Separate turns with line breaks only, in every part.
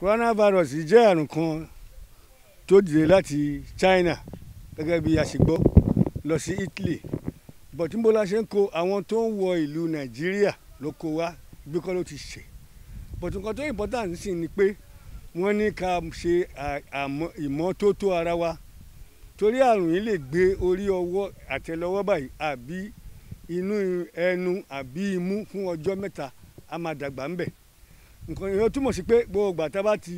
coronavirus jẹ́ àrùn kan tó dìde láti China gẹ́gẹ́ bí a ṣe gbọ́ lọ sí Italy bọ̀tí mo la ṣe ń kó àwọn tó ń wọ ìlú Nàìjíríà ló kó wá bí kọ́ ló ti ṣe bọ̀tí nǹkan tó important sì ni pé wọ́n ní ká ṣe ìmọ́tótó ara wa torí àrùn yìí lè gbé orí ọwọ́ àtẹlẹwọ́ báyìí àbí inú ẹnu àbí imú fún ọjọ́ mẹ́ta a máa dàgbà ńbẹ̀ nǹkan ìyẹn túmọ̀ sí pé gbogbo ìgbà tá a bá ti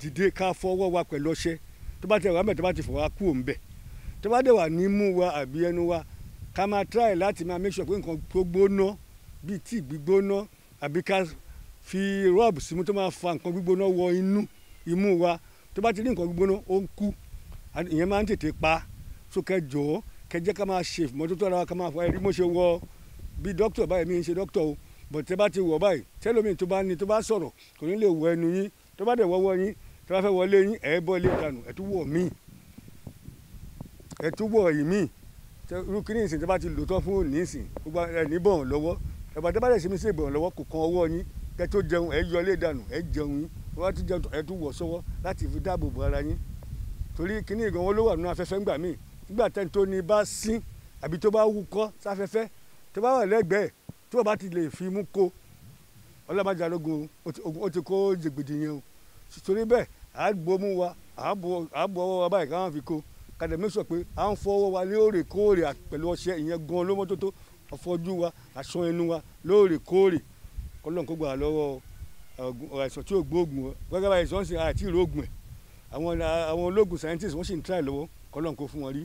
dìde ká fọwọ́ wa pẹ̀lú ọṣẹ tó bá ti wà mẹ́ tó bá ti fọwọ́ kú òun bẹ̀ tó bá dẹ̀ wà ní mú wa àbí ẹnu wa ká máa try láti máa make sure pé nǹkan tó gbóná bíi tíì gbígbóná àbí ká fi rub símú tó máa fa nǹkan gbígbóná wọ inú imú wa tó bá ti ní nǹkan gbígbóná ó ń kú ìyẹn máa ń tètè pa sókè jọ̀ọ́ kẹjẹ́ ká máa ṣe ìmọ́tótó ara wa ká máa fọ ẹ̀rí mo ṣe wọ bí dókítà báyìí mi ń ṣe dókítà o bọ̀ tẹ́ bá ti wọ̀ báyìí tẹ́lómi tó bá ní tó bá sọ̀rọ̀ kò ní lè wọ ẹnu yín tó bá dẹ̀ wọ́wọ́ yín tó bá fẹ́ wọlé yín ẹ̀ bọ́ ilé ìdànù ẹ̀ tún wọ̀ míì ẹ̀ tún wọ̀ yìí míì irú kíní ìsìn tó bá ti lò tán fún òní ìsìn gbogbo ẹ̀ níbọn lọ́wọ́ ẹ̀bà tó bá dẹ̀ ṣe mí sí ìbọn lọ́wọ́ kò kan ọwọ́ yín kẹ́ tó jẹun ẹ̀ yọ ilé ìdànù ẹ̀ jẹun yín wọ́n bá tún jẹun ẹ̀ tún wọ̀ sọ́wọ́ láti fi dáàbò bo ara yín torí kíní ìgànwọ́ ló wà nínú afẹ́fẹ́ ńgbà míì nígbà tẹ́ni tó ní bá sín àbí tó bá wúkọ́ sáfẹ́fẹ́ tó bá wà lẹ́gbẹ̀ẹ́ tí wọ́n bá ti lè fi mú kó ọlọ́mọdé arógun ó ti kó jìgbìdì yẹn o torí bẹ́ẹ̀ à á bomú wa à á bọ ọwọ́ wa báyìí káwọn fi kó kàdé mi sọ pé à ń fọwọ́ wa lóòrèkóòrè pẹ̀lú ọṣẹ ìyẹn gan olómọ́tótó ọfọjú wa aṣọ ẹnu wa lóòrèkóòrè kọ́lọ́n kó gbà á lọ́wọ́ àìsàn tí ò gbóògùn gbẹ́gbẹ́ báyìí sọ́n sì àti ìrógùn ẹ̀ àwọn ológun scientist wọ́n sì ń tíráì lọ́wọ́ kọ́lọ́n kó fún wọn rí.